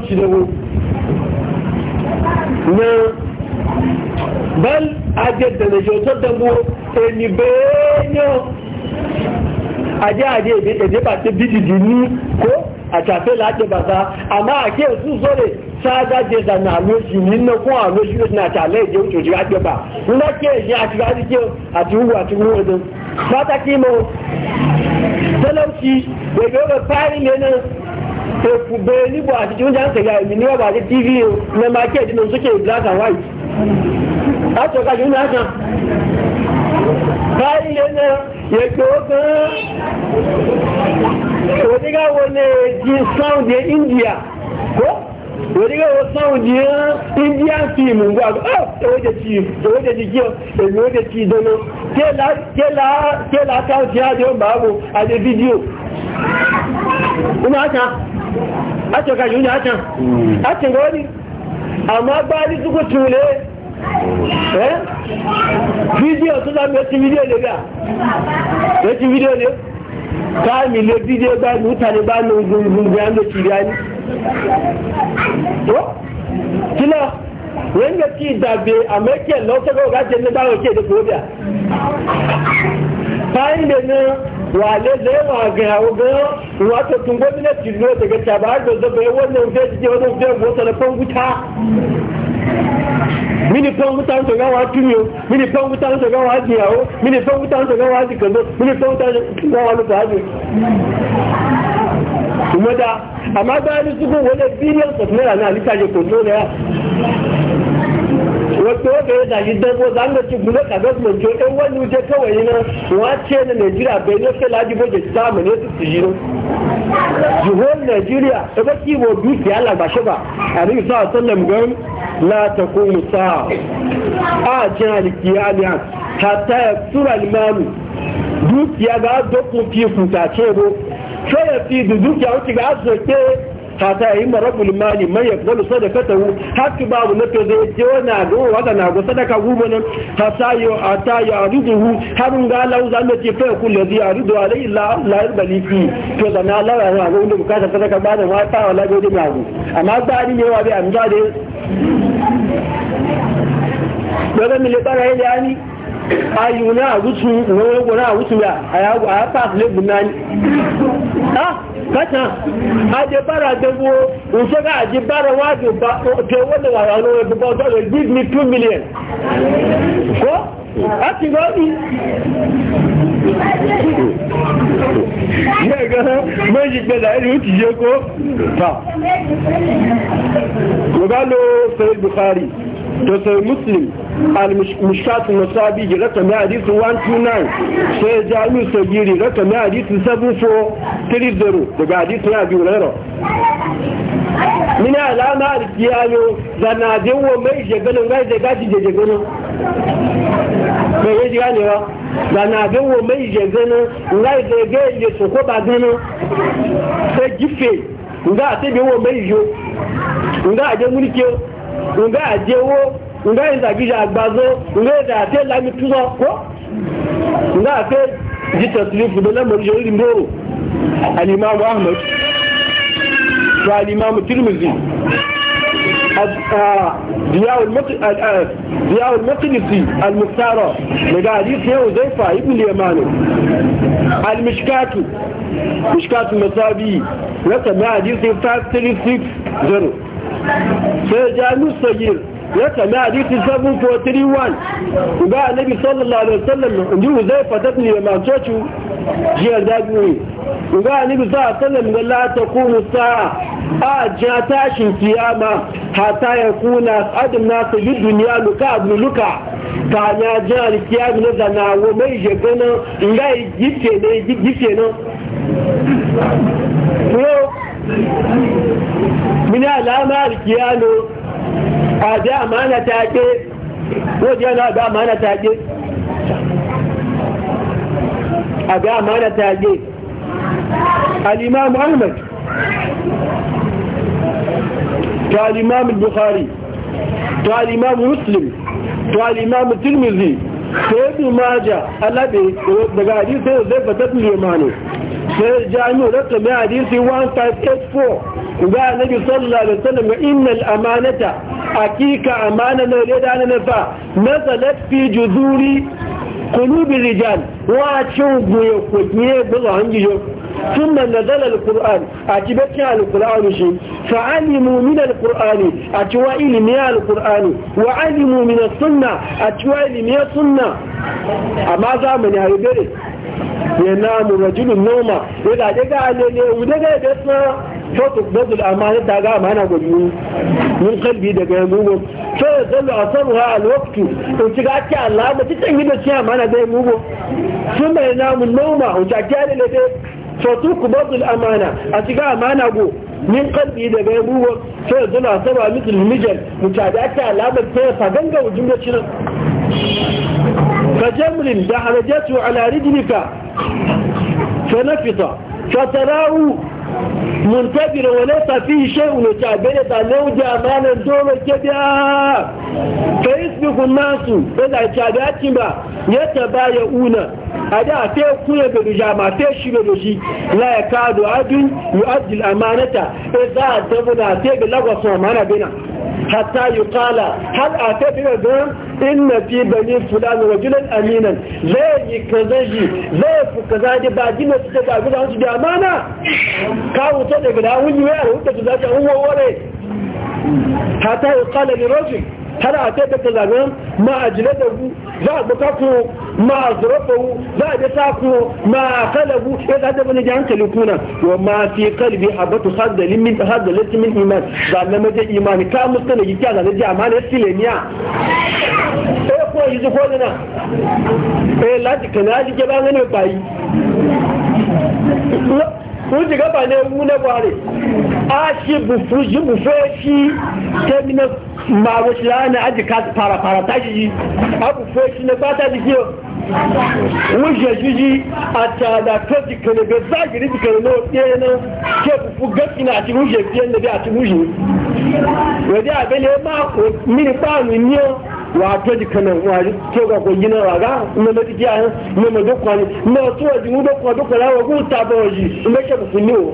cinewo na bal ajiyarta na jautar da mu eni benyo ajiye-ajiye ebe ba ti bididi ni ko a tafe lati baba amma a ke su so ne sada je da na loji ni na kun a loji loji na tale je ake ba nuna ke shi a cikin ati ke a ti wu a ti wu wadon fata kimo talauci da ne nan efu bẹ́ẹ̀ ni bɔ tí ó ń jà ń tẹ̀yà èmi ní ọ̀bà tv o black and white di india film oh, e ti e ti ti ato ka yunya atan atin gori amma ba ni suku tule eh video to da me video le ga me video le ka mi le video ni ta ba ni gun ga ndo ti ga ni to kila wen ga ti da be lo to ga ga je ne da o ke de ko da pai ne na wale zai ma ga yawo ga wato tun gwamnati ne daga tabar da zaba wannan zai ji wannan ya wata na fanguta mini pangu tan gawa tunyo mini pangu tan gawa jiyawo mini pangu tan gawa jikando mini pangu tan gawa lu taji kuma da amma ba su ko wani billions of naira na litaje ko dole wato da ya zagi dango za mu ci gulo ka gasu mun jode wani wuce kawai na wace na Najeriya bai ne sai laji boje samu ne su jiro jihon Najeriya ta ba kiwo duki Allah ba shi ba a rin sa sallam gan la ta kuma sa a jin alkiyamiya ta ta sura limamu dukiya ga dokun fi kuta ce ro sai ya fi dukiya wuce ga azoke hata yi marabul mali mai ya zalu sadakatahu hatta babu na tozo je wana go wada na go sadaka gumo nan hata yo ata ya aruduhu harun ga lau za mu ce fa kullu zi arudu alai la la baliki to da na la ya go inda bukata sadaka ba da a wala go dinga go amma ba ni ne wa bi amja de daga mi le bara ile ani ayu na agutu na wani gona agutu ya a ya a ya pass le guna ni ha kacha a je bara debo o so ga je bara wa do ba o te wole wa ya no e bu ba give me 2 million ko a ti go ni ye ga méjì pe la ri o ti je ko ta ko ga lo sahih bukhari to sai muslim al-mushkatun nasabi ji raka mai hadisi 129 sai jami'u sagiri raka mai hadisi 7430 daga hadisi na biyu rero mina alama a kiyayo da na jewo mai shaganin gai da gaji da shaganin mai ganewa da na jewo mai shaganin gai da gai da ganin sai gife a sai jewo mai a jan nga àjẹwó nga ìdàgídà àgbàzó nga ìdà àti ìlàmì túnṣọ kó nga àti jíjẹ tìlú fún bẹlẹ mọ ìjọ ìrìn bóró alimami ahmed tó alimami tirimizi ضياء المقدسي المختار لقاعدين فيه وزيفة ابن اليماني المشكات مشكات المصابي لسه ما عديث 5360 sai jami'u sagir ya kame hadisi 7431 uba annabi sallallahu alaihi wasallam inji zai fatat ne ma cocu jiya zabi uba annabi sallallahu alaihi wasallam ga la kuma sa'a a ja tashin kiyama hata ya kuna adin nasu bi duniya luka abu luka ka na ja alkiyami na zana wa mai je gana ngai gife ne gife ne من alama alkiyano a ji amana take wajen yana ga amana take a ga amana take al'imamu ahmad ta al'imamu bukhari ta al'imamu muslim ta al'imamu tirmizi ta yi maja alabe daga hadisai zai fatattu yamanu sai jami'u rakami 1584 ga annabi sallallahu alaihi wasallam innal amanata hakika amana na da na nafa nazalat fi juzuri قلوب الرجال واتشوقوا يقوتني بضع ثم نزل القرآن أتبتنا القرآن شيء فعلموا من القرآن أتوا إلمياء القرآن وعلموا من السنة أتوا إلمياء السنة أما زامن يا ya namu noma ya da alele wuda ga da tsara fotu bazul amana ta ga amana gobi kalbi daga ya zalla asaruha alwaqtu to kiga ake Allah ba ta yi da ciya mana da mu noma o ta ga alele fotu ku bazul a kiga amana go kalbi daga yanzu go to da cinan فجمل دعرجته على رجلك فنفض فتراه منتظرا وليس فيه شيء يتعبد لو جاء مالا دون كبيرا فيسبق الناس إذا تابعتما يتبايعون أدا تكون بدجا ما تشي بدجي لا يكاد عدل يؤدي الأمانة إذا تبدا تبلغ صومانا بنا hatta yi kala har a ta fi da inna fi bani fulan rajulan aminan zai yi kaza shi zai fi kaza da ba gina su daga guda wasu da amana kawo ta daga da wuni wayar hukunta su za ta hunwa ware hatta yi kala ne rojin har a ta ka zagan ma a jire da ku za a buka ku ma a zurafa ku za a bisa ku ma a kala ku sai za ta bani jan kalu kuna wa ma a fi kalbi a batu hadalin min ta hadalin min iman ga lama je iman ka musta na gikiya zane je amana ya sile niya e ko yi zu ko dina e la ti kana ji ke ba ngene bai ko ji ga ba ne mu na bare a shi bufu ji bufu shi terminal ma wasu lana aji ka fara fara ta shi ji abu shi na fata ji kiyo wuje ji ji a ta da to ji kene be za ji no ye na ke fu gaki na ti wuje bi ne bi a ti we da ma mi ni pa ni wato di kanan wari to ga ko gina raga na na di gyan na na do kwani na to di mu do kwa kwala wa ku ta ba waji me ke ku ni o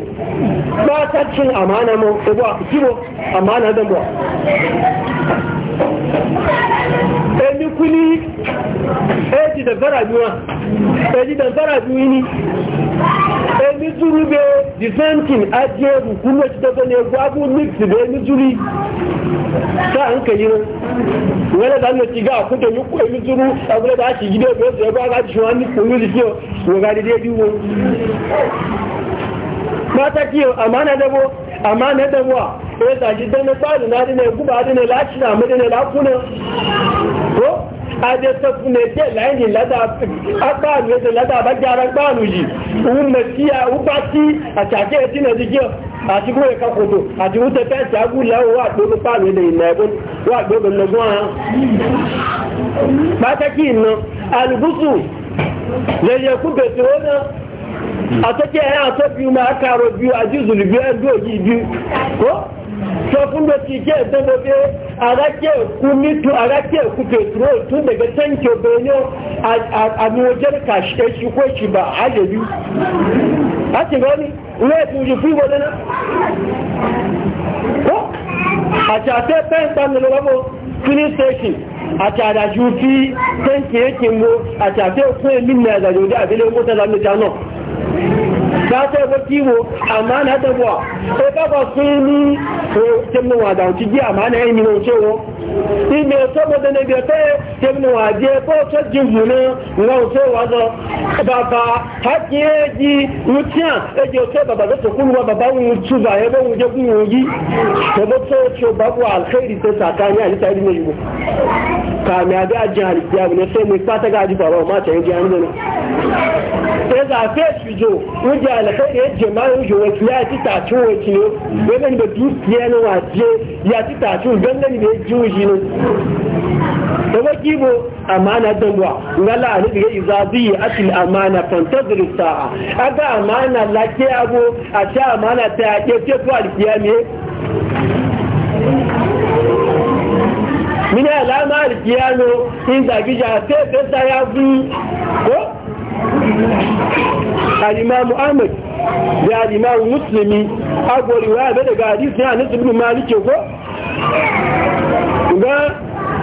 ba ta cin amana mo ko e ba kibo amana da mo ẹni kú ní ẹjì dàgbàrà bí wọn ẹjì dàgbàrà bí ni emi turu be the same thing ajiye ruku ci daga ne gwabu mix be emi turi ta an ka yi wani da an ga ku da emi turu a da ake gida be su yaba ga shi wani kuru da kiyo ko ga da dai wo mata kiyo amana da bo amana da bo e da ji da na ba da na ne guba da ne la ci da mu da kuna ko ajé sọ́kùn méjì lẹ́yìn ládà àbájá ara gbáàlù yìí òun mẹ̀tí àwúgbá tí àṣàjẹ́ ẹ̀tí nà díjẹ́ àti gbóyè kakòtò àti wútẹ́ fẹ́ẹ̀sì agúlẹ̀ owó àgbógbó pààlù ilẹ̀ ìlẹ̀ ẹ̀gbọ́n wà gbógbó lọ́gbọ́n ara pàtàkì ìná alùbùsù lẹ́yẹ kú bèèrè ó náà àtọ́kẹ́ ẹ̀yà àtọ́bí ma kààrọ̀ bí ajízùlù bí sọ fún mi ti jẹ́ ìdánwòbẹ́ arájẹ́ òkú mítú arájẹ́ òkú pẹ̀túrò tún dẹ̀gẹ́ sẹ́ńtì obìnrin àmì ojẹ́ kàṣẹ́ ṣùkú ìṣìbà àlèlú láti rọ́ ní ilé ìtún yìí fún station ní àdàjọ́ òjá àbílẹ̀ ó gbáṣẹ́ ẹgbẹ́ tí wo àmánà tẹ́bọ̀ ẹgbẹ́ kan fún ní tẹ́mọ̀wàdà òkìdí àmánà ẹni ohun tí wọ́n ime saboda na biya tsaye ta bi wa k'o ko jin jimuna n'a wuce wazo baba haƙi ya ji wuciya ya je wuce baba za su kuma baba wucu ba ya ba wuje kuma wuji ta ba ta ce babu alkhairi ta sakani a nisa ilimin yiwu kami a ga ajiyar halittiya ne sai mai fata ga ajiyar ba ma ta yi gyan gani sai zafe shi jo wuje alkhairi ya jama'a wuje wasu ya ci tacin wakilu wani da dukiya na waje ya ci tacin gangani da ya ji jino da baki bo amana dalwa ngala ani diga izabi atil amana fantazir sa'a aga amana lake abo a ta amana ta ake ce ko alkiyami mina alama alkiyano in zagi ja sai ta ya bu ko al-imam Ahmad da alimamu musulmi agwari wa abe daga hadisi ya nasu bin maliki ko ga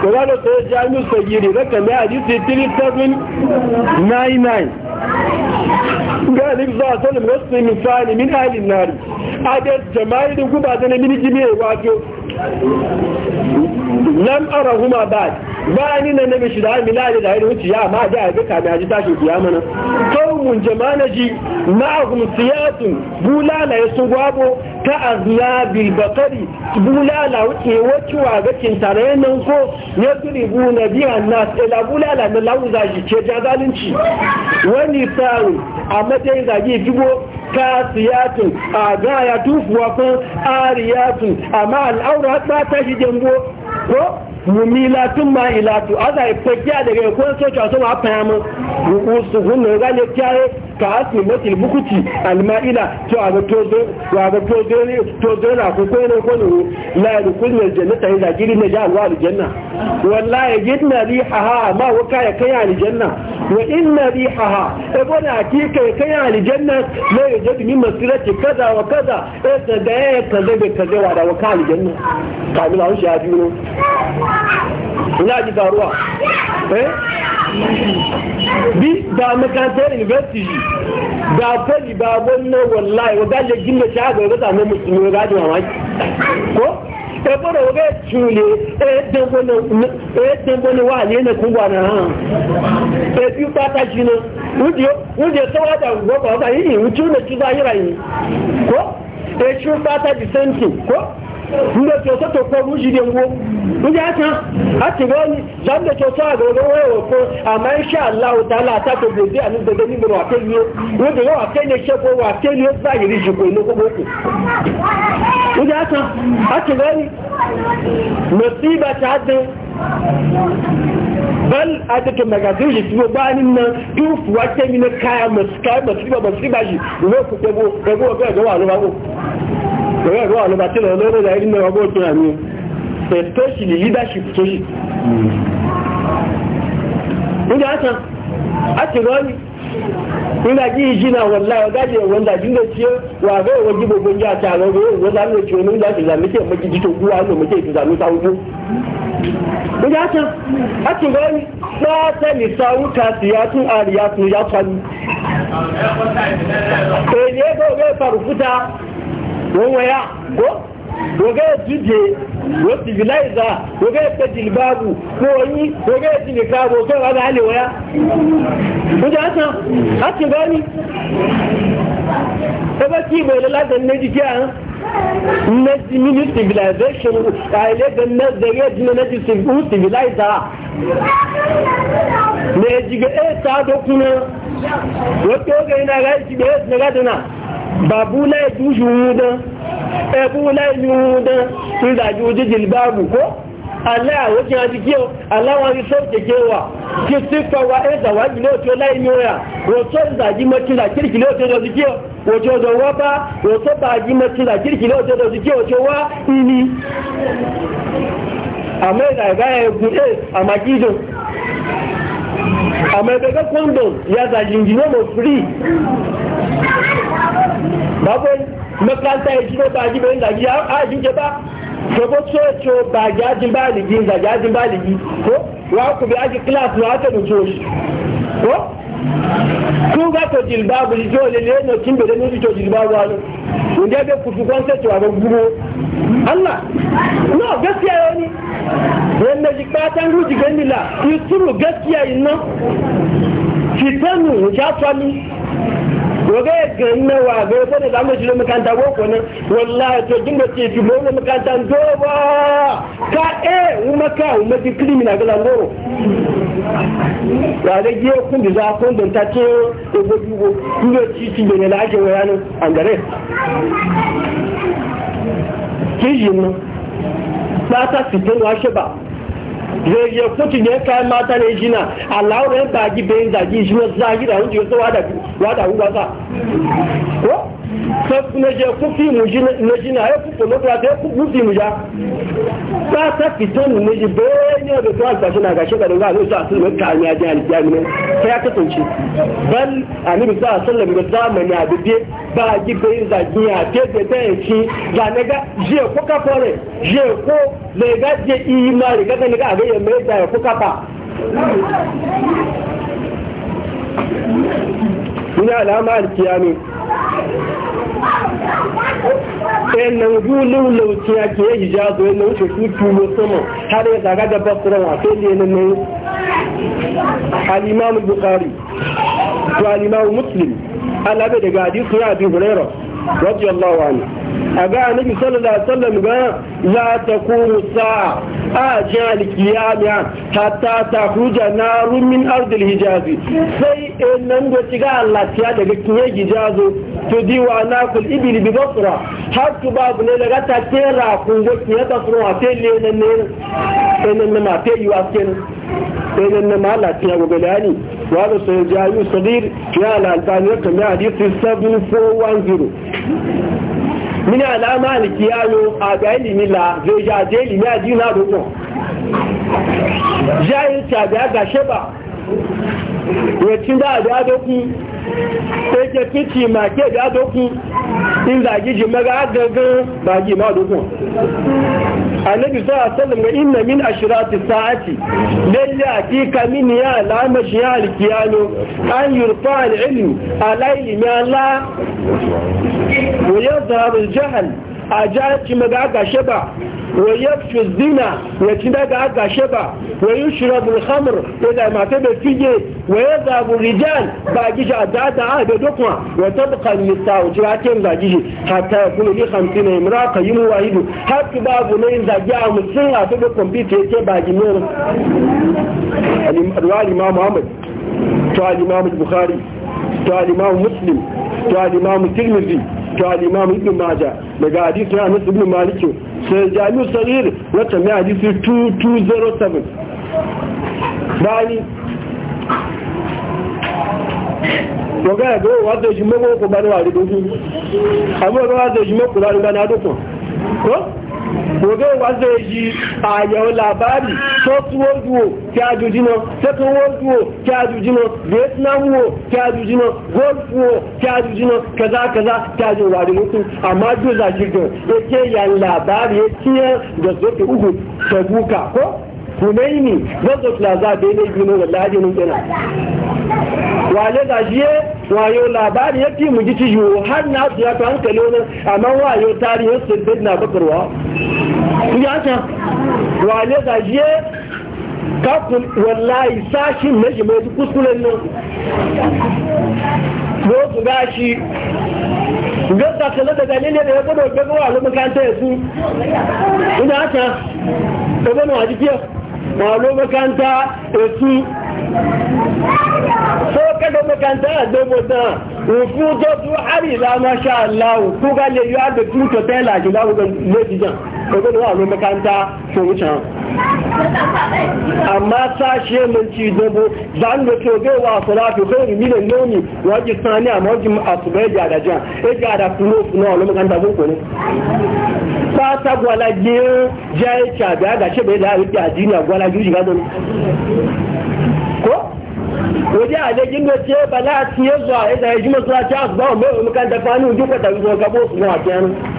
kogalo sai jami'u sagiri raka mai hadisi 3799 ga alif zuwa salim wasu misali min halin nari adar jama'i da guba ta na mini jimiyar wato lam arahuma ba'd ba ni na nabi shi da milali da ya wuce ya ma da ya ga kamiya ji tashi kiyama nan mun jamanaji ma'ahum bulala bulalaye sun gwabo ta azna bilbakari bulala wuce wacce wa gakin tare nan ko ya turi buna biya na tsela bulala na lauza shi ce jazalinci wani faru a matsayin zage jibo ka siyasun a gaya tufuwa kan ariyasun amma al'aura ta shi jambo ko mumila tun ma ilatu a ife da daga ya kwan soci a sama hafa yamu su hunna ga ne kyaye ka asmi matil bukuti alma'ila to a ga tozo wa ga tozo ne tozo na ko ko ne ko ne la ya kullu aljannata ya gidi ne ja alwa aljanna wallahi gidna rihaha ma waka ya kai aljanna wa inna rihaha e bona ki kai kai aljanna la yajid min masirati kaza wa kaza e da da kaza da e kaza wa da waka aljanna kamila an shafi no ina eh bi da makarantar university da fali ba wannan wallahi wa gaje gina shago ga samu musulmi ga ji mamaki ko ẹgbọ́dọ̀ e wọ́n bẹ́ẹ̀ túnlé ẹ́ẹ̀dẹ́gbọ́nà wà ní ẹ̀nà kúgbà náà ẹbí pátá jìnà wúdíẹ̀ sọ́wọ́dà gbọ́gbà ọba yìí ìwújú lè túnbà yìí rà yìí kó ẹ̀ṣú pátá jì sẹ́ntì ko. nígbà tí ọ̀tọ́ tó a lójì lè wo nígbà kan láti rọ́ ní jáde tó tọ́ àgbẹ̀ olówó ẹ̀wọ̀ fún àmà iṣẹ́ aláwọ̀dá látàkó gbèdé ànígbèdé wa àkélió wọ́n dèrò àkélió ṣẹ́kọ̀ọ́ wọ àkélió báyìí rí jùkọ̀ inú gbogbo kù nígbà kan láti rọ́ ní mẹ̀sí ìbàtà dín bal a duka magazin shi tuwo bayanin nan duk wata mina kaya masu kaya masu riba masu riba shi ko ku kwabo kwabo ga gawa ruwa ko ọ̀rọ̀ ẹ̀rọ àlọ́bàtílẹ̀ olóró rẹ̀ rí mẹ́wàá bóòtún àmì especially leadership tó yìí nígbà àtàn àti rọ́ọ̀lì nígbà jí ìjì náà wọ̀n láì ọ̀gájẹ̀ ìwọ̀n dàjú lè tí wà rẹ̀ òwò jí gbogbo ní ẹgbẹ́ òwe ìfarùfúta wọ́wọ́yá gó wọ́gẹ́ jíje wọ́n civilizer wọ́gẹ́ pẹ̀jìlì báàbù kó oyi wọ́gẹ́ alẹ́ wọ́yá ó jẹ́ láti bá ní ẹgbẹ́ tí ìbò ilẹ̀ láti méjì kí àrùn mẹ́sì mini civilization àìlẹ́gbẹ̀ mẹ́sẹ̀rẹ́ jìnà ne na. babu la juju wuda ebu la yuda sun da juji jilbabu ko Allah wace ya ji kiyo Allah wani sauke kewa ki sifa wa e da wani loto la yoya wato da ji maki ti kirki loto da ji kiyo wato da waba wato ba ji maki da kirki loto da ji kiyo wato wa ini amma da ga ya gude amma kido amma daga kondom ya da jingino mo free bakwai makaranta ya jiro ba ji bayan zagi a juje ba gaba coco ba jajin baligi zagi ajin baligi ko wa ku bi aji class na aka nuto shi ko ku ga to jilbabu ji jo le le no kin be no ji to jilbabu alo inda be ku tukon se to aba guro Allah no gaskiya yoni wanda ji patan ruji ganila ki turu gaskiya inna fitanu ja tsami waga ganna wa ga ko da zamu ko ne wallahi to din da ki mu do ba ka e eh, umma ka umma di criminal ga lango ya da ge kun da za don ta ce e go di go ku ci ne an gare ki jin ba ta fitin ba zai ya kutu ne kayan mata ne jina alawar yan bagi bayan zagi shi zagi da hunci wasu wada wada ko na je mu muji na jina ya kuku na kuwa ta ya kuku fi muja ta ta fito mu muji bayan yau da tuwa alfashi na gashe garin ga alisa asali mai ta hanyar jihar jami ne ta ya kasance bal a nabi sa a sallam da zamani a bibe ba ji bayan zagi ya ce da ta yanki ga ne ga je ko ka fore je ko zai ga je yi ma riga ga ne ga a gayyar mai da ya ka fa suna alama ne ɗayan nan gulun lautiya ke yi hijazo yana wuce su tulo sama har ya zaga da basiran a sai ne na nan alimamu bukari to alimamu muslim alabe daga hadisu ya abi hurairu radiyallahu anhu أقال نبي صلى الله عليه وسلم قال لا تكون الساعة أجال كيامة حتى تخرج نار من أرض الهجاز سيء ننجو تقع الله تيادة كي يجازو تديو أن أكل إبلي ببصرة حتى باب نيلغا تتيرا كنجو كي يتصروا تيلين النيل إنن ما تيو أسكن إنن ما لا تيادة بلاني وهذا سيجايو صغير يا لالتاني يكتم يا حديث 7410 mini alama alikiyalo aga ilimi la veja je ilimi aji na dogon jayi tabi aga sheba wetin da abi adokun tẹ́jẹ́ pítì máa kéèdè àdókún ìlà àjíjì mẹ́ra àgẹ́gẹ́ máa jí máa dókún annabi sallallahu alaihi wasallam inna min ashrati sa'ati lalla hakika min ya alama shi ya alkiyano an yurfa al-ilm ala a ja ci maga aka sheba wa yafshu zina ya ci daga aka sheba wa yushrabu al-khamr ya da mata da fige wa yadhabu rijal ba gishi a da da da dokwa wa tabqa an-nisa'u ci ake da gishi hatta yakunu li 50 imra qayyim wahidu har babu ne da ja mutum a to da computer yake ba gino al-imam Muhammad to al-imam Bukhari to al-imam Muslim to al-imam Tirmidhi to al-imam ibn majah daga hadisin anas ibn malik sai jami'u sahih wata mai hadisi 2207 bani ọ̀gá ẹ̀gbẹ́ wà tó ìṣúmọ́gbọ́ kò bá ní wà rí lójú àwọn ọ̀gá wà tó ìṣúmọ́kù lárí gobe wa yi a yau labari tó túwó dúwò kí a vietnam wo golf wo kaza kaza kí a mutu amma duk za shi yake yan labari ya ciyar da zoke uku duka ko kunaini gazo plaza da yanayi biyu da lajinin wale da shi wayo labari ya fi muji ci yiwu har na su ya ta hankali wani amma wayo tarihin sulbid na bakarwa ya ta wale da shi kakun wallahi sashi mashi mai kuskuren nan ko su gashi gasa kala da dalilin da ya gudu gaba wa makarantar ya su ina ta ɗaga na wàlú makanta ètú sókèdè makanta àdébòtán òfin tó tó àrílá masha Allah tó gá lè yọ àgbẹ̀tún tó tẹ́lá àjùlá lójíjàn ko da wani makaranta to wucin amma ta shi mun ci dogo zan da to ga wa salatu kai mi ne noni waji sani amma waji asubai da da jan e ga da kuno kuno wani makaranta ko ne ta ta gwala je jai cha da ga bai da rubi ajini gwala juji ga ko waje a jirgin da ce bala a ciye zuwa ya zai ji masu a mai umarkan da kwanu zuwa gabo su a kenan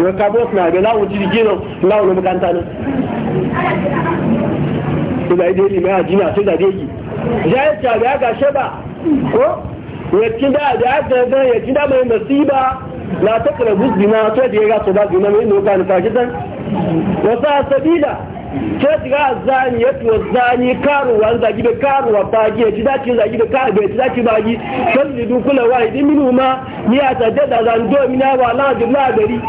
ìwé kábọ́ọ̀sì náà àgbẹ̀ láwọn jíjí jìnnà láwọn olómi káńtà náà ìgbà ìdè ní mẹ́ra jìnnà tó dàdé yìí ìyá sai su a zani ya tuwa zani karuwa zagi da karuwa bagi ya ci zaki zagi da karuwa ya ci zaki bagi sai su dukula wa idin minu ma ni a tsadda da zando mina wa lajin lagari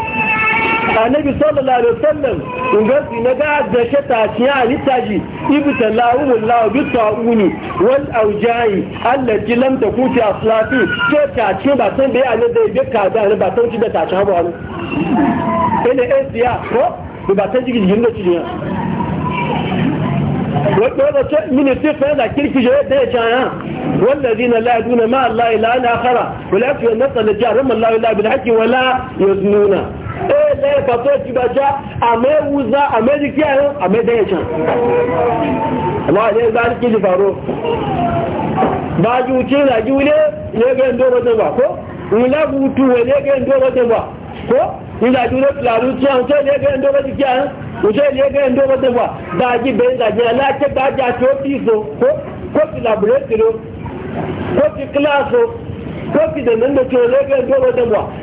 annabi sallallahu alaihi wasallam ungasi na ga da shata ci a litaji ibta lawul law bi tauni wal aujai allati lam takuti aslafi ce ta ce ba san da ya ne da be ka da ba san ci da ta ci a ne ene esiya ko ba san ji gidin da ci ne wadda mini sifa da kirki shi da ya caya wanda zina la yaduna ma Allah ila na akhara wala yafi nasa da jarum Allah ila bil haqqi wala yaznuna eh la ya fato ci ba a ame wuza ame jiki ayo ame da ya can Amma ne za ki ji faro ba ji uce da ji wule ne ga ndo ba ko wula butu ne ga ndo ba ko nígbà tí tó gẹ́gẹ́ ti kí gẹ́gẹ́ ti wà bẹ́ẹ̀ tí ó kó kó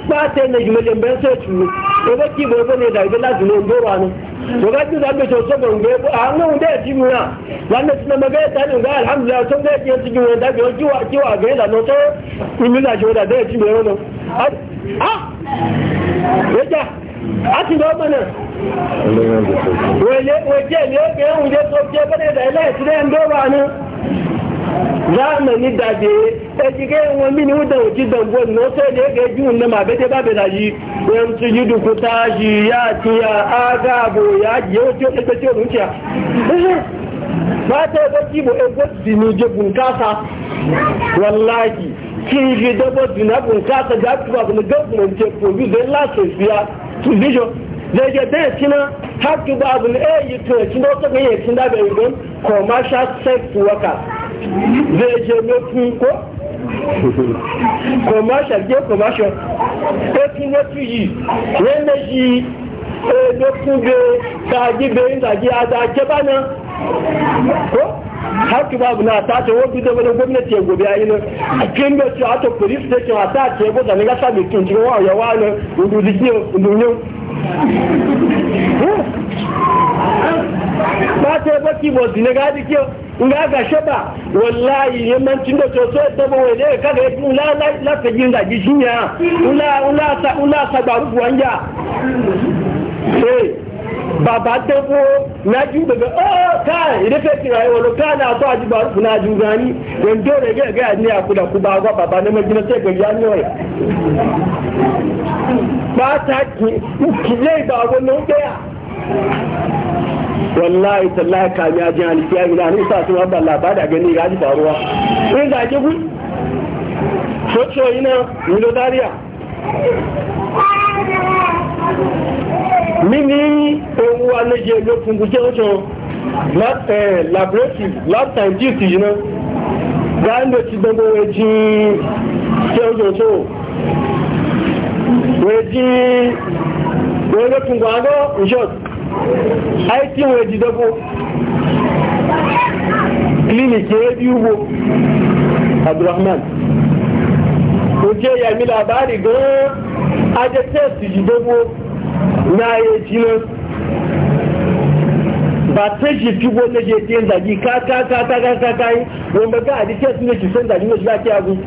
ba ta ne a jambe ah, so ci mu a nan da ga alhamdulillah sun ga ji mu wẹ́jà a ti lọ́ mọ̀nà wẹ́jẹ́ ni ó kẹ́ ń jẹ́ tó jẹ́ bẹ́ẹ̀ bẹ́ẹ̀ láìsí rẹ̀ ń dọ́wà ní láàmì ní dàjẹ́ ẹjíkẹ́ wọn mí ni ó dẹ̀wò jí dọ̀gbọ́ ní ó tẹ́lẹ̀ ẹgẹ́ jù ní ma bẹ́tẹ́ da bẹ̀rẹ̀ ti a bá tẹ́ ẹgbẹ́ tí ìbò ẹgbẹ́ kiri dabo dinabun kasa ga tuba kuma government ke produce zai lasin siya to vision zai je da tina har tuba abin a yi to yakin da wata ganyar yakin da bai yi commercial sex workers zai je lokacin ko commercial je commercial ekin lotu yi rene yi e lokacin bai ta gibe yin zagi a ba bana ko haka babu na ta ce wobi da wani gwamnati ya gobe ayi nan a kin da ce ato police station a ta ce go da ne ga sa mi kin ji wa ya wa ne ndu di ne ndu ne ba ce ba ki bo di ne ga di ki nga ga sheba wallahi man tin da to so da bo ne ka ga ku la la la ka jin da ji shinya ula ula ta ula sa ba eh bàbá tẹ́wọ́ lájú na ọ́ káà ìdẹ́fẹ́ ti ra ẹ̀wọ̀n káà náà tó àjùbà fún àjù gani ẹ̀ńdó rẹ̀ gẹ́gẹ́ ní àkúdàkúbà àgọ́ bàbá ní mẹ́jìnà tẹ́ pẹ̀lú yánú ẹ̀. pàtàkì ìkìlẹ̀ ìgbà ló ń gbé à. wallahi tallahi kami ajin alifiya ila ni sa sun abba labada gani ya ji faruwa in da ke gun so so ina ni mini ní ewu aléje lókun gúnjẹ́ ọjọ́ eh, laboratory lab time gist yìí ná gáàndé ti gbogbo ẹjí tí ó jọ tó wẹ́jí wẹ́lókun gbogbo ìṣọ́t it wẹ́jí dọ́gbó clinic ẹbí ugbo abdulrahman ó jẹ́ yàmí labari gan-an ajẹ́ test na ya ji ba ta ji fi wata yin zagi ka ka ka ka ka ka ka yi wanda ga adike su ne ki san zagi ne shi zaki yagu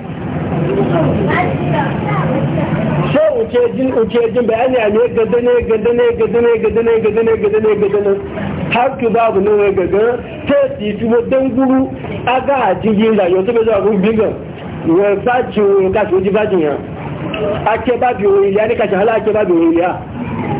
uke jin uke jin bayani a ne gada ne gada ne gada ne gada ne gada ne gada ne gada ne har ki babu ne gada ta yi fi guru a ga a jirgin zagi wata bai zuwa gun bigan wani sajin wani kashi wajen bajin ya ake babi wani ya ne kashi hala ake wani ya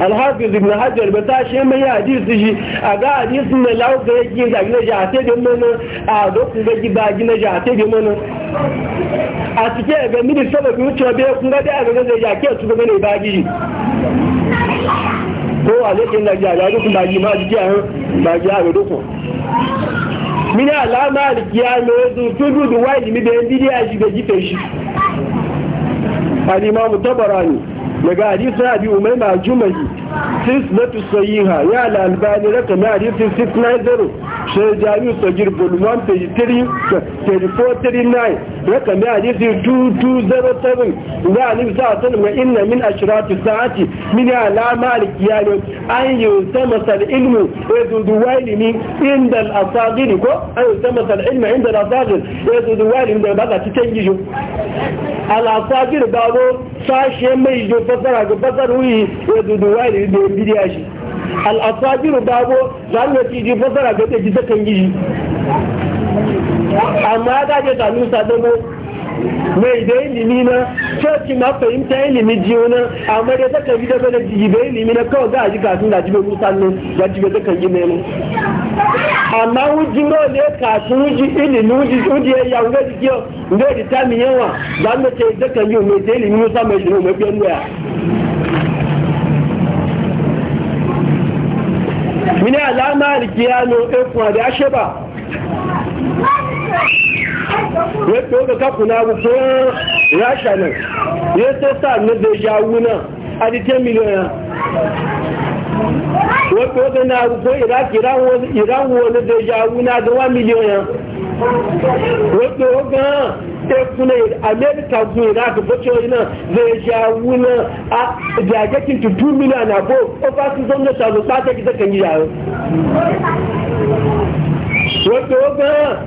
alhafiz ibn hajar ba ta shi mai hadisi shi a ga hadisi mai lauka ya da gina jate da mana a dokun ga giba gina jate da mana a cike ga mini sababi wucewa bai kun ga da ga zai jake su ga ne ba gidi ko a lokacin da jaya dukun ba gima jike a ba gya ga dukun mini alama alkiya mai wasu tudu da wani mi da yan bidiya shi da gife shi al-imam tabarani daga hadisi abi umaima jumali 0, sayiha ya al'albani raka na rifin 690 sai jami'u sagir bulman page 3439 raka na rifin 2207 ga alif sa sanin ga inna min ashiratu sa'ati min alama alkiyani an yi sama sal ilmu ya zudu wailimi inda al'asagiri ko an yi sama sal ilmu inda al'asagiri ya zudu wailimi da ba cikin gijo al'asagiri ba zo sashe mai jo fasara ga fasar wuyi ya zudu yi bai bidiya shi al'asabiru dabo za mu ci ji fasara ga ji ta kan gishi amma ga je ta nusa dago mai da ilimi na coci ma fahimta ilimi jiyo na amma da ta kan gida bane ji bai ilimi na kawai ga ji kafin da jibe musa nan ga jibe ta kan gida ne amma wujiro ne kafin wuji ilimi wuji wuji ya yawon ga jikiyo ga ta mi yawa za mu ce ta kan yi mai da ilimi musa mai shi mai biyan waya mini alama alikiyano efu ade asheba wepe oge kakuna akwụkwọ rasha na ya sesa medeji awu na adi 10 miliyon ya wepe na akwụkwọ iraq iranwo medeji awu na adi 1 miliyon ya wepe da kuna america zuwa na ga bacci ina zai ja wuna a jagakin to 2 na go ko su zonga ta zo ta ki zakan yi yawo wato ga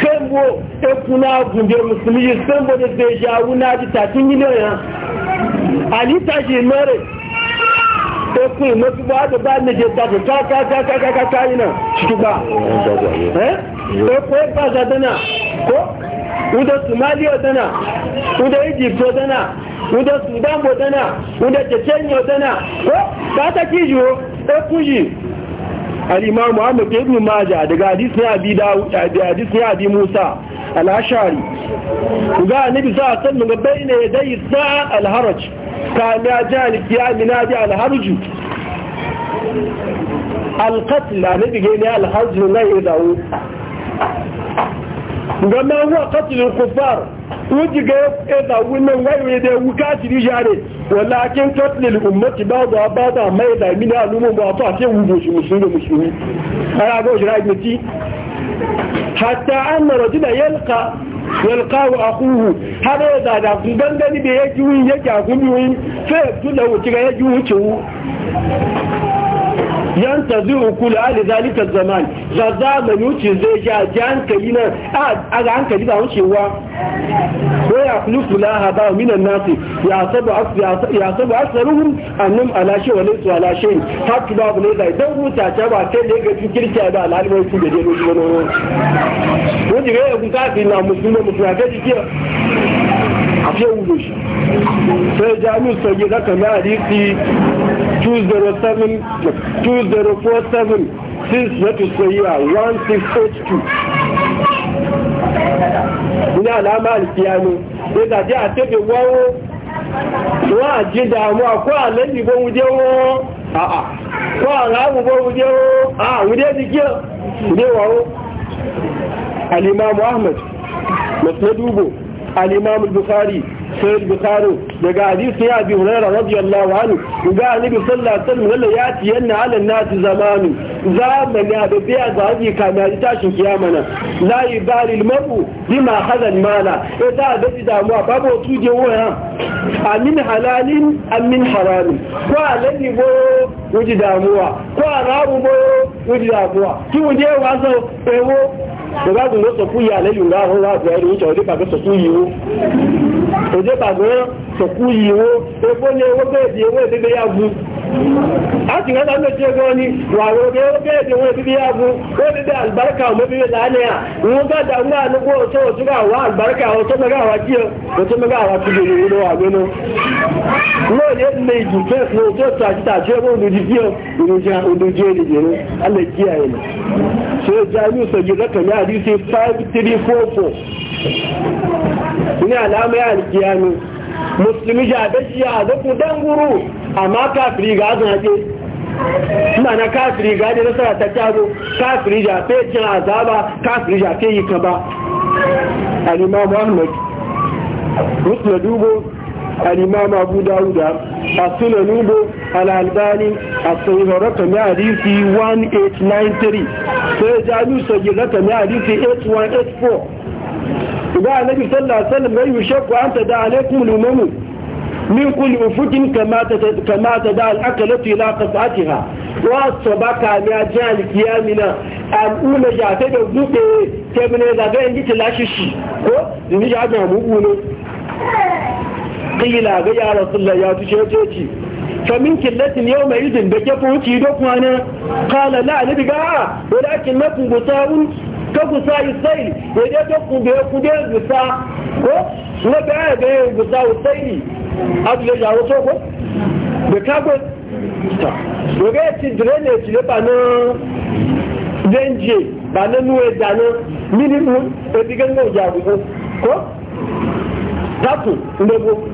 sembo e kuna gunde musulmi sembo da zai ja wuna ji 30 million ya ali ta je mare ko kun mafi ba da ba na je ta ta ta ta ta ta ta ina ciki ba eh ko ba zadana ko uda somalia dana uda egypt dana uda sudan dana uda chechenia dana ko ba ta kijiwo ko kuji al-imam Muhammad ibn Majah daga hadisi ya bi da hadisi ya bi Musa al-Ashari ga nabi za a san daga ya dai sa al-haraj ka ya jali kiyami nadi al-haraj al-qatl annabi ga ne al-haraj ne ya dawo gama huwa katilin kufar wuji ga ya wunan da wu kafiri yare ake katilin ummati ba da ba da mai da mini alumun ba ta ce wugo shi musulmi musulmi har ga shi rajmiti hatta anna rajula yalqa yalqahu akuhu har ya da da gangani da yake wuyin yake akumi wuyin sai tunda wuci ga yake wuce yan ta zuru kula ali zalika zaman za zamani wuce zai ja ji hankali nan a ga hankali ba wucewa ko ya kulu kula ha ba minan nasi ya sabu ya annum alashe wa laisu alashe shi hatta babu ne zai don huta ta ba ne da kirki a da alhalin su da dai lokaci wani rai ji ga ku kafi na musulman musulman ga ji a fiye wuce sai jami'u sai zaka na hadisi 2047 silsilatu sayya 1682 ní àlàmà alìfíàní ìdàjẹ́ àtẹ́bẹ̀ wọ́wọ́ wọ́n àjí dàmú àkó àlẹ́lìbọn wújẹ́ wọ́n àà kó àràwùbọn wújẹ́ wọ́n àà wújẹ́ ti kí wújẹ́ wọ́wọ́ alìmàmù ahmed mọ̀sílẹ́dúgbò alìmàmù bukhari sai bukhari daga hadisi ya bi hurairah radiyallahu anhu ga annabi sallallahu alaihi wasallam wala ya ci yanna ala nas zamanu zamani da biya zaji kana ji tashin kiyama na la yibali almaru bima hadha almala ita e, da ji damuwa babu tuje waya amin halalin amin haramin ko alani bo wuji damuwa ko arabu bo wuji damuwa ki wuje wazo ewo da babu lo so ku ya lalu la ho wa ga ri wuce wadi ba ga so ku yi. òjò tàbí sọ̀kú yìí wo epo ní owó kéèdì owó ìdíbí yá bu a sì rẹ́ta méjì ẹgbẹ́ ni wà wọ́n bí owó kéèdì owó ìdíbí yá bu ó dídé àlùbáríkà ọmọbí rẹ̀ wọ́n ọ̀tọ́ a five three four four alkiyami musulmi jadashi ya zaku dan guru amma kafiri ga azan mana kafiri ga da nasara ta taro kafiri ja fe cin azaba kafiri ja fe yi ka ba alimamu ahmad dubo alimamu abu a suna nubo al'albani a tsohon rakami hadisi 1893 sai jami'u sojin rakami hadisi 8184 ga annabi sallallahu alaihi wasallam bai an tada alaikum al-umam min kulli ufukin kama ta da al-akalatu ila qat'atiha wa sabaka ya jali kiyamina al-umma ja ta da buke kemene da ga inji tilashishi ko ni ya ga mu ne Ƙila ga ya rasulullah ya tuce tuce فمن كلة يوم عيد بكفوتي دقوانا قال لا نبقى ولكن لكم بطاء ka gusa yusaili bai dai ta kube kube gusa ko na gaya ga yin gusa yusaili abu ya jawo ko da kagon ta daga ya ci dire ne ci ba na denje ba na nuwe da na minimun da e digan gauja ko ko ndebo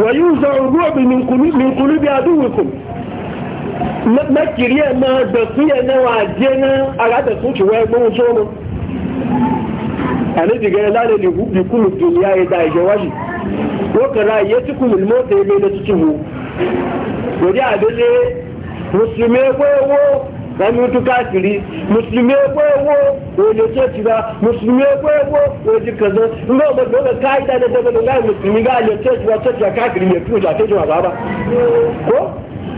ويوزع الرعب من قلوب من قلوب عدوكم na da fiye na waje na a rata sun ci wayar mun so a ne diga la da libu bi duniya ya da ya washi ko ya ci kulu mota ya ne da ci mu wuri a musulmi ko Wani tu kafiri musulmi ko yawo ko ne ba musulmi ko yawo ko ji kaza in ga ba kaida da daga ga musulmi ga ne ce ci ba ce kafiri ne tuja ce ba ba ko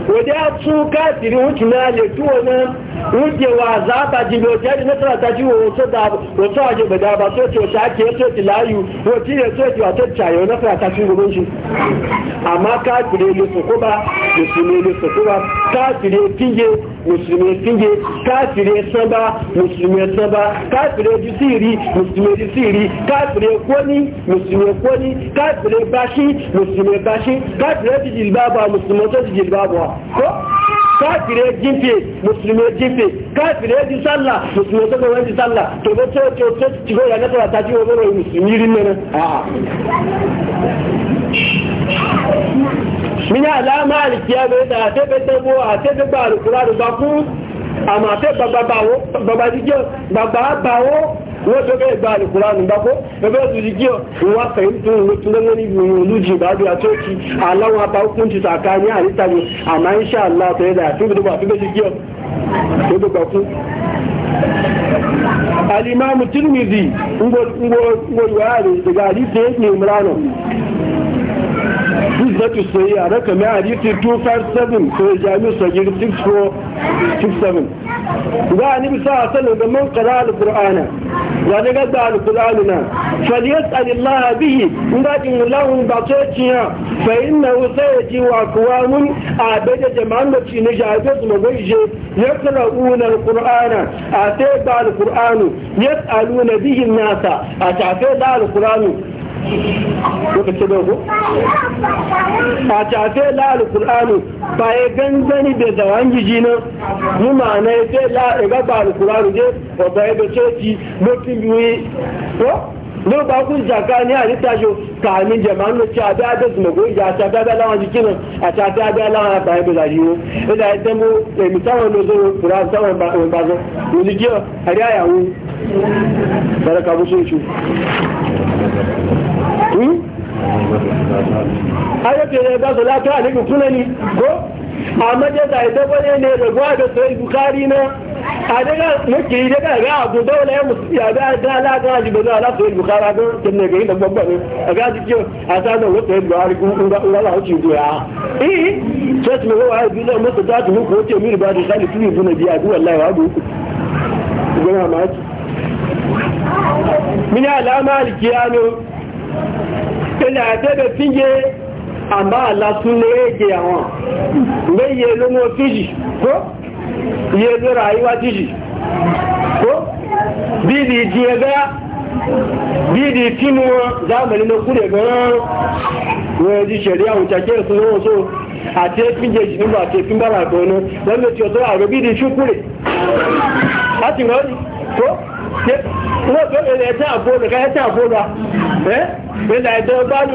wadda su kafiri wuce na letu wani wucewa za ta ji bai jari nasara ta ji wa wasu da wasu a jiba da ba soci wasu ake ya soci layu wasu ya soci wa tacca yau nasara ta shi gudun shi amma kafiri ne su kuma musulmi ne su kuma kafiri tinge musulmi tinge kafiri saba musulmi saba kafiri ji siri musulmi ji siri kafiri kwani musulmi kwani kafiri bashi musulmi bashi kafiri ji jilbaba musulmi ta ji ko kafire jinfe musulmi jinfe kafire ji sallah musulmi ta gaba ji sallah to ba to to to ci go ya nasara ta ci go gore musulmi rin ne a mina alama alkiya bai da ta bai tabo a ta ba alkura da ba ku àmọ́ àfẹ́ bàbá jíjẹ́ bàbá bàwọ́ wọ́n tó bẹ́ẹ̀ gba àlùkùrá nìgbàkó ẹgbẹ́ tó ti jẹ́ ìwà fẹ̀yìntì lótú lọ́wọ́ جزة الصحيحة رقم حديث 257 في الجامع الصغير 6467 قال النبي صلى الله عليه وسلم من قرأ القرآن يعني قد القرآن فليسأل الله به ولكن الله بطيتها فإنه سيجي وأقوام أعبد جمعنا في نجابة مبيجة يقرؤون القرآن أتيب القرآن يسألون به الناس أتعفيد القرآن lokaci dogo a tafe la'ar kur'anu ba ya gangani da zawon jiji nan mu ma'ana ya ce la'ar gaba al-kur'anu je babba ya da coci mutum a ko ló bá kú ìjàká ní àrítájò kààmì jẹ̀mà ń lò a abẹ́ àdẹ́sùmọ̀gbó ìjà àti abẹ́ abẹ́ láwọn jíkí náà àti abẹ́ abẹ́ láwọn àgbàyẹ̀ bẹ̀rẹ̀ yìí wọ́n ilẹ̀ ẹ̀tẹ́mú èmi táwọn olóòzòrò kùrá táwọn ìbázọ́ olùjíọ̀ àríyáyàwó bẹ̀rẹ̀ kàbúṣe ìṣù Hmm? ayyace ne ga a nufin tunani ko a majasa ita ne da gwa da sai bukari na a daga muke yi daga ga abu daula ya musu ya ga sai bukari ga a ga a wata kun ga sai ko ce ba da tuni biya wa ma mini alama alkiyano ẹni àtẹ́bẹ̀ fíye àmá àlásúnlé èdè àwọn gbé yẹ lómọ fíjì kó yẹ lóra àyíwá fíjì kó bí jí ẹgbẹ́ bí tí mú wọn dáàmẹ̀lẹ́ ló kúrẹ̀ gan-an wọ́n ti ṣẹ̀rí àwọn ìtàkẹ́ wọ́n lè ẹ̀ta àbúrò ká ẹ̀ta àbúrò ẹ́ nígbà ẹ̀ta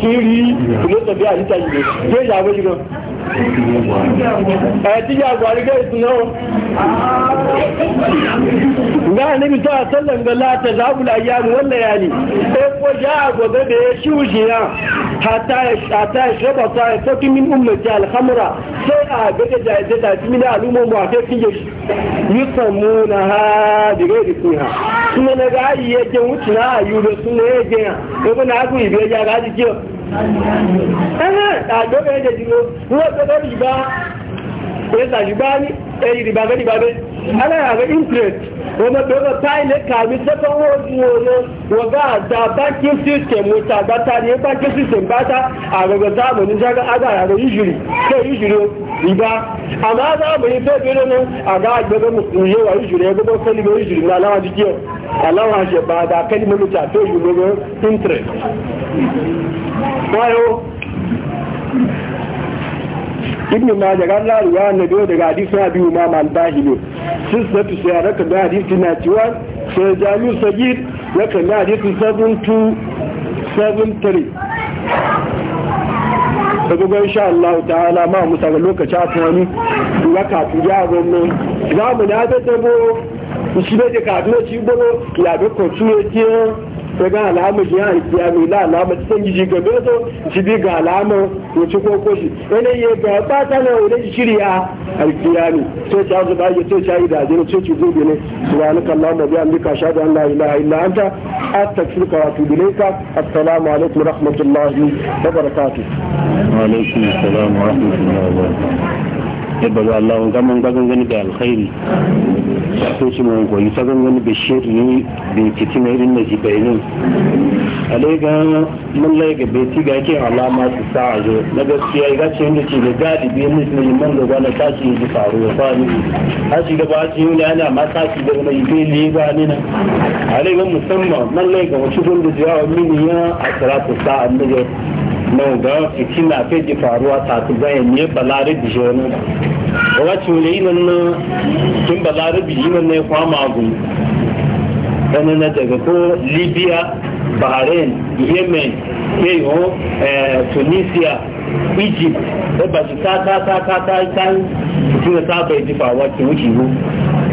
yi lù ní láti ẹ̀tíjà àgbàrígẹ́ ìtùnáwó ga níbi tó àtọ́lẹ̀ ga láta zábùlà ya ni wọ́n lẹ́yà ni epo ya agogo da ya ṣíwùsì ya hata ìṣẹ́bà ta ìfẹ́kí min umarci alhamura sai a gẹ́gẹ́ jẹ́ tàbí mini al'ummomi a fẹ́ fiye yi samu na ha dire da sun ha suna na gaji ya je wuce na ayu da suna ya je ya ebe na agụ ibe ya gaji kiyo ɗago ya je jiro ruwa gaba riba ya sa riba ne ya yi ne interest wanda dole ta yi ne kami safan wajen wani waga da banking system wata ba ta ne banking system ba ta a gaga zamanin jaga aga a ga yujiri ko yujiri riba amma zamanin ta biyu ne a yi ibn majah ran la ruwa na biyo daga hadisi na biyu ma mal bahili sisatu sayaraka da hadisi na ciwa sai jami'u sagir ya kan hadisi 7273 sabuwa insha Allah ta'ala ma musa ga lokaci a tunani ya kafu ya gwamna za mu na ta tabo shi da ka doci gbogbo ya bi kotu ya ta ga alamun ya ya mai la ta sanyi jiji ga bezo shi bi ga alamun ya ci ko koshi wani ya ga bata na wani shirya alkiya ne to ta zo ba ya to ta yi da ajiyar to ci gobe ne subhanaka allahumma bi amrika shahadu an la ilaha illa anta astaghfiruka wa atubu ilayka assalamu alaikum wa rahmatullahi wa barakatuh wa alaikum assalam wa rahmatullahi wa barakatuh yadda ba Allah ga gani da alkhairi da ko shi mun koyi ta gani be da jibe ne ga mun lai ga beti ga ke alama su sa ajo na gaskiya ga ce inda ce ga da be ne su ne mun ga na yi ci faru ya fa ni shi da ba ci ne ana ma ta ci da mai be ne ga ne na alai ga musamman mun lai ga wasu gundu da ya mini ya a tsara ta sa annabi mai ga fitina fe ji faruwa ta tu ga ne balare bi jonu ga cule inan na kin balare bi inan ne kwa magu dan na daga ko libya bahrain yemen keyo tunisia egypt da ba ta ta ta ta ta ta ta ta ta ta ta ta ta ta ta ta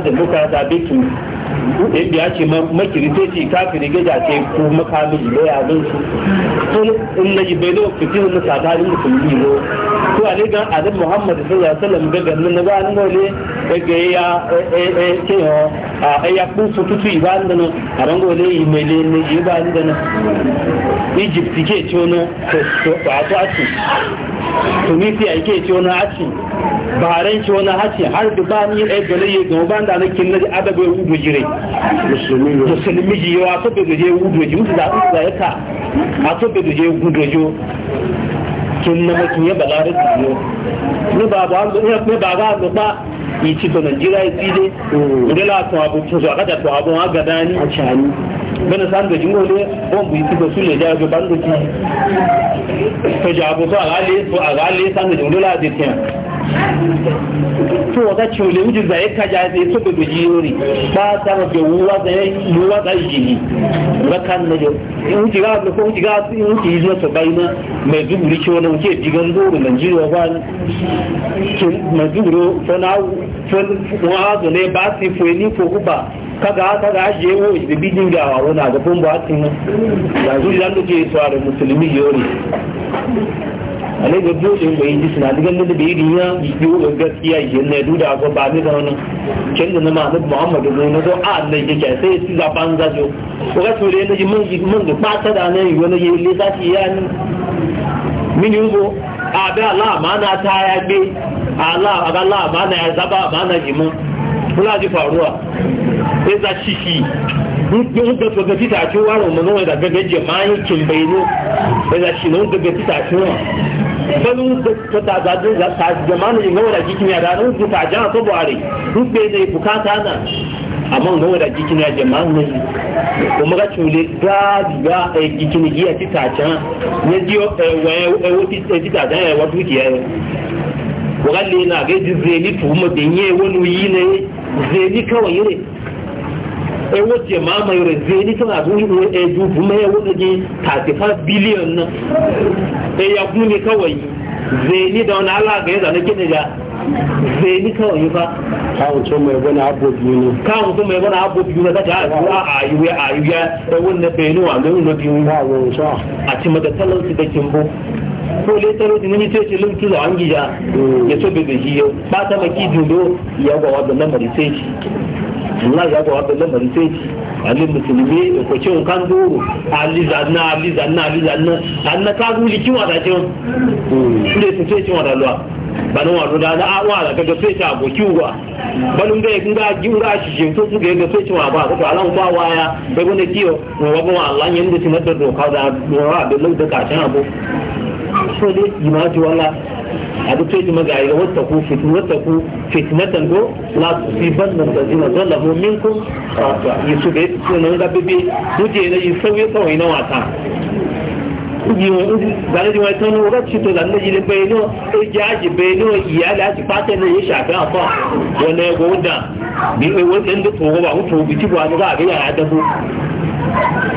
da muka da bikin ya ce makiri sai ce kafiri gaja ce ku makamin da ya zan su sun in na jibe ne fitin na sadarin musulmi ne ko a ne gan adam muhammadu sallallahu alaihi wasallam ga ganin na ba nan ne daga ya eh, eh, eh, ce yo a ya kun su tutu iban da nan a rango ne yi mai ne ne iban da nan egypt ke ce no to a to a tunisia yake ce wani haci bahrain ce wani haci har ni ya gare ya gama da na kin na adabu ya wudu jire musulmi ji yawa a be guje wudu ji musu zaɓi da ya ka a to be guje wudu ji kin na mutum ya balare su yo ne ba ba ba ba ba ga ba yi ci ba ba ba ba ne la ba ba ba ba ba ba ba ga ba a cani ne bẹ́ẹ̀ sáńdọ̀ jí wọlé bọ́ọ̀bù ìtìkọ̀ sílẹ̀ jẹ́ ọjọ́ sáńdọ̀ jí fẹjọ àbúkọ́ àrálé sáńdọ̀ jí wọlé láti tẹ̀ tó wọ́n tàbí olè ń jù zàyé kájà ẹ̀ tó gbogbo jí orí bá sáwọn fẹ̀ wúwá yi jì ní raka nnajo in ji ga ko ji gafi in ji zuwa ta ne mai zuburi ce wani wuce digan zuru Najeriya ba ke mai zuburi na wani wazo ne ba su fo ni ko ba. kaga kaga ajiye wo da bidin gawa wani a gaban ba hatin nan yanzu idan da ke tsawa da musulmi yori alai ga dole bai yi suna diga da bai yi ya yi wo gaskiya yi ne duda ko ba ne da wani Can da nama Annabi Muhammad da ne ko a yi yake sai shi za ban za jo ko ga sure ne mun mun da fata da ne wani yi le za shi ya ni min yugo a ala ma mana ta ya be Allah aga Allah mana ya zaba mana mun. kula ji faruwa eza shishi nga to gaji ta ci waro mun wai daga gaje mai kin bayro eza shi non gaga ta ci wa balu ta ta da da ta jama'an ne ngora jikin ya da nan ta jama'a to bare rubbe ne bukata na amma ga wadda jikin ya jama'an ne kuma ga cule gaga eh, a jikin giya titacen ya jiyo titacen eh, eh, ya wata dukiya ya wakali na ga ji zeni tuhuma da yi wani yi ne zeni kawai ne e zeni mamaye rezeni tana zuwa e dubu mai ya wuce ji 35 biliyan nan e ya kuni kawai zeni da wani alaga ya zane gina ya zeni kawai ba kawun sun mai wani abu biyu ne kawun sun mai wani abu biyu ne a yi a wuya. a ayyuwe da wannan benin wa mai wani biyu a ci maka su da kimbo ko le taro din ni tece lum tulo an gija ya so be shi yau. ba ta maki dundo ya da wadannan mari shi Allah za ta wata lamarin sai ci alin musulmi da kwace kan doro ali zanna ali zanna ali zanna anna ka guli kiwa da ce kure su sai ci wa dalwa banu wa da da awa da kaga sai ta go kiwa banu ga kin ga kin ga shi to su ga ga sai ci wa ba ko alan ba waya da gune kiyo wa ba Allah yin da tinar da doka da dora da lauda ka tan abu so dai imani wala abu to ji magayi wata ku fitu wata ku fitnatan go la nan da zina zallahu minkum yusu be sunan da bibi duje ne yi sauye kawai na wata gbàlẹ́ ni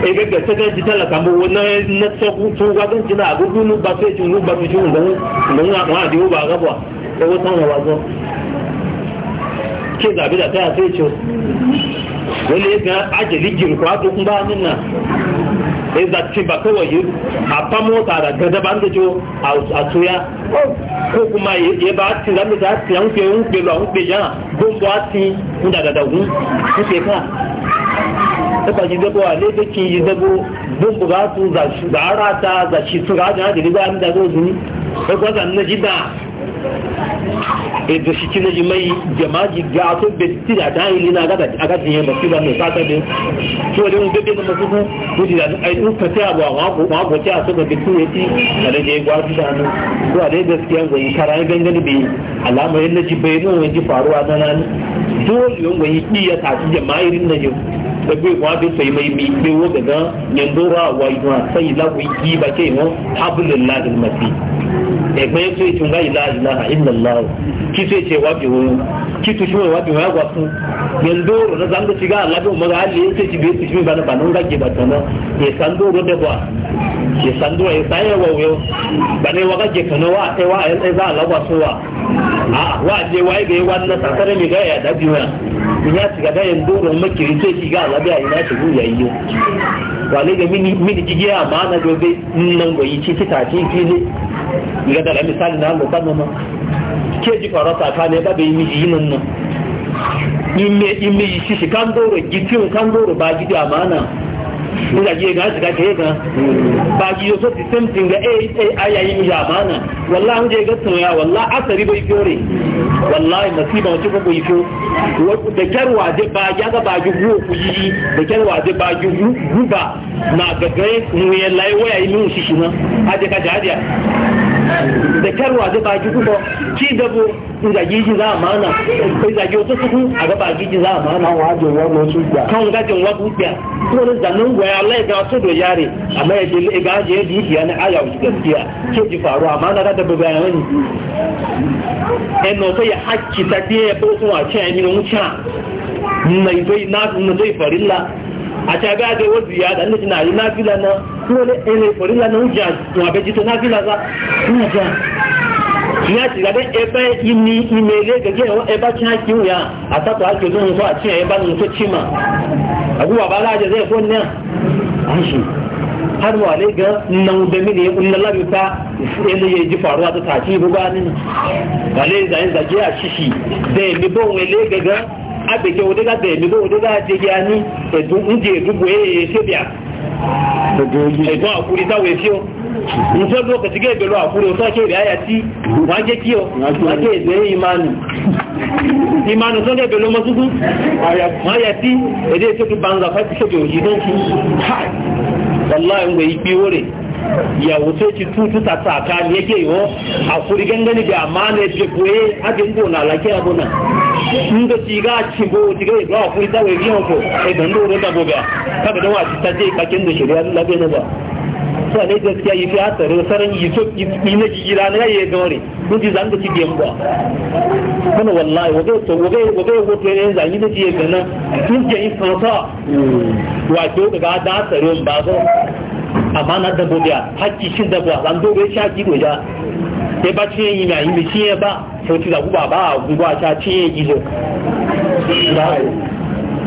ebe gẹ̀ẹ́sẹ̀ tẹ́ ti tẹ́lẹ̀ kàmú wo náà ní sọ́kú fún wa tó ti náà àgógó ní gbàtú ètò ìlú gbàtú ìṣòwò ìgbòhùn àwọn àdéhùn bá rọ́bà owó táwọn wà gbọ́. kí ìgbàgbé dàtẹ́ àti ètò wọ́n lè gan àjèlí jìrì kó àtòkùn bá nínà ìgbà tí bàkọ́wọ̀ yìí àpamọ́ tààrà gẹ́gẹ́ bá ń tẹ́jọ́ àtúyá kó kuma yẹ bá ti lámìta ti pè ń pè lọ pè yá á ti ń taba ji dabo a lebe ki yi dabo don za su za ara ta za shi su ga da hajjiri za a mida zo zuni ko kuwa zan na ji da edo shi ci na mai jama'i ga a be ti da ta yi nina gada a gajin yamma su ba mai fata ne su wajen mu bebe na masu su ku ji da ai in ka ta yabo a ko ta so ka bitu ya ci a da jai gwasu da nan ko a dai gaskiya ga yi kara yi gangani bai alamar na ji bai mun wani faruwa na nan dole yawan wani iya tafi jama'a na yau gbẹgbẹ wọn bẹ sọ ìmọ ìmọ ìgbẹ wo gẹgàn nyẹndóra wa ìdùn àtẹyìn láwọn igi bàjẹ́ ìwọ abúlélá ìlmọ̀sí ẹgbẹ́ tó ètò ńlá ga ìlà ìlàlá kí tó ètò ìwádìí wọn kí tó ṣùgbọ́n ìwádìí wọn yàgbà fún nyẹndóra náà zango ti gá alábẹ́ òmọ́ra alẹ́ tó ètò ìbí ètò ìbí bàbá nígbà jẹ bàtàn náà yẹsàndóra dẹ́bọ̀ yẹsàndóra yẹsàyẹ̀wọ̀ wẹ̀ bàtẹ́ wàgá jẹ kàn náà wà ẹwà ẹzà aláwà sọ wà wà àjẹwà ẹgbẹ́ wà nínú sàkárẹ́ mi gáyà dábìwọ̀n ya shiga garin doron makiri sai shiga alabiya ina shigo yayyo wale ga mini mini gigiya ma na gobe nan goyi ci ta ci fili ga da misali na Allah kan nan ke ji ta ka ne ba bai miji yin nan in me in me shi shi kan doro gitin kan doro ba gidi amana nígbà jí ẹgbẹ́ àti kàkiri kan báyìí yóò sọ ti sẹ́mtì nga ẹ̀ ẹ̀ ayà yìí yà máa nà wàlá ń jẹ́ ẹgbẹ́ tàn yà wàlá àtàrí bó ife ba wàlá ìmọ̀sí ìmọ̀ tí gbogbo ife dẹ̀kẹ́rù àdé báyìí àgbà báyìí wú òkú yìí dẹ̀kẹ́rù àdé báyìí wú bà nà gẹ̀gẹ́ nìyẹn láìwẹ́ inú òṣìṣì náà àjẹkàjà àjẹ da kyarwa ga baki kuma ci dabo da gigi za amana kai da gyoto suku a ga baki ji za amana wa ga wa no su ya kan ga jin wa dukiya to ne da nan Allah ga to do yare amma ya je ga je ya, ne aya wuce gaskiya ke ji faru amana na da bayani en no sai hakki ta ko na na zai àti abẹ́ adé wọ́n zìyà àdá níjì náà yìí náfìlà náà tí wọ́n lé èrè ìfòrílà náà ń jà tó àbẹ́jì tó náfìlà sá ń jà ní àti ìgbàgbé ẹbẹ́ ìní ìmẹ̀ ilé gẹ́gẹ́ ẹ̀wọ́n ẹbá tí a kí ń yà àtàtọ̀ àti olóhun tó àti ẹ̀yẹ a nínú tó tí mà àbúrò àbá aláàjẹ́ sẹ́yẹ fún náà har wa ne ga nan da mini in na labita sai ne ji faruwa ta taci buga ni ba ne zai zage a shishi da yi bon wele ga ga abeke wode ga bẹ̀ẹ̀mí bó wode ga jẹ́ ya ní ẹ̀dùn oúnjẹ ìdúgbò èèyàn ṣébìà ẹ̀dùn àkúrí táwọn èsì ó ń fẹ́ bí ọkọ̀ tí gẹ́ ìbẹ̀lú àkúrí ó tọ́ṣẹ́ ìrẹ́ àyà tí wọ́n jẹ́ kí ọ wọ́n jẹ́ ìgbẹ́ ìmánu ìmánu tó gẹ́ ìbẹ̀lú ọmọ tuntun wọ́n yà tí èdè tó ti bàǹgà fẹ́ ya wuce ci tutu ta tsaka ne yake yo a kuri gangani da amma amana je koye ajin go na lake abuna inda ci ga ci bo ci ga ba kuri ta wai biyan ko ai ban do da bo ga kaga da wa ci ta je kakin da shirya labe na ba sai ne da gaskiya yi fi fiya da saran yi so yi na ji jira na ya gore mun ji zanga ci biyan ba kana wallahi wa waga to waga waga hoto ne zangi da ji ga nan tun ke yi fata wato daga da tsare ba so àmánà dẹ̀bọ̀dẹ̀ àti ṣí dẹ̀bọ̀ àlàndóre ṣáàjì ìròyà ẹbá tí yẹn yìnyà yìí mi tí yẹn bá fòtìlà púpà bá àgúgbà àti àti yẹn yìí lọ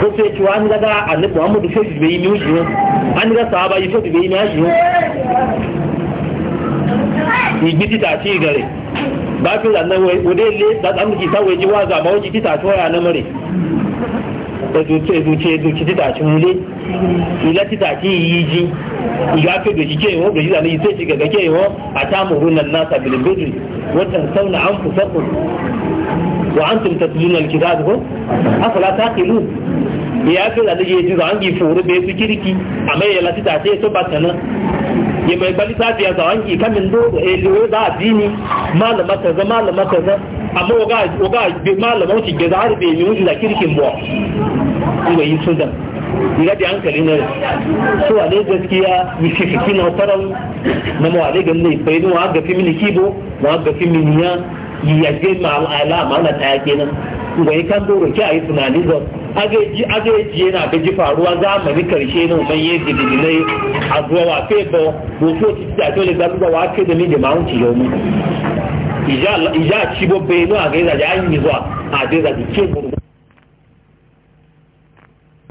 ko sai ci wa an ga annabi Muhammad sai su bai miyu shi an ga sahaba yi sai su bai miyu shi yi gidi ta ci gare ba fi da nan wode le da dan ki sawo ji waza ba wani kita to ya na mare da zuce zuce zuce ta ci mule ila ti ta ci yi ji iga fi da shi ke yo da shi da ni sai ci ga ke yo atamuruna nasa bil bidri wa tansawna anfusakum wa antum tatluna al-kitab afala taqilun ni ya ga da yeji zan gi furu be su kiriki amma ya lati ta sai ba batana ya mai bali ta biya zan gi kamin do e do da dini malama ta zama malama ta zama amma o ga o ga be malama ci ga har be yi wuji da kiriki mu an yi su da ni ga an kari ne so ale gaskiya ni ci ci na faran na mu ale ga ne fa yin wa ga fi miliki bo wa ga fi miniya ya ga mal ala mana ta kenan wai kan doro ki a yi tunanizon agaji agaji yana da ji faruwa zamani karshe na umar yi dididinai a zuwa wa fe ba wasu ti ti ato le gbagba wa ke da mije ma'un ci yau mu ija ci bo be no a ga yi zaje an yi zuwa a ga yi zaje ke buru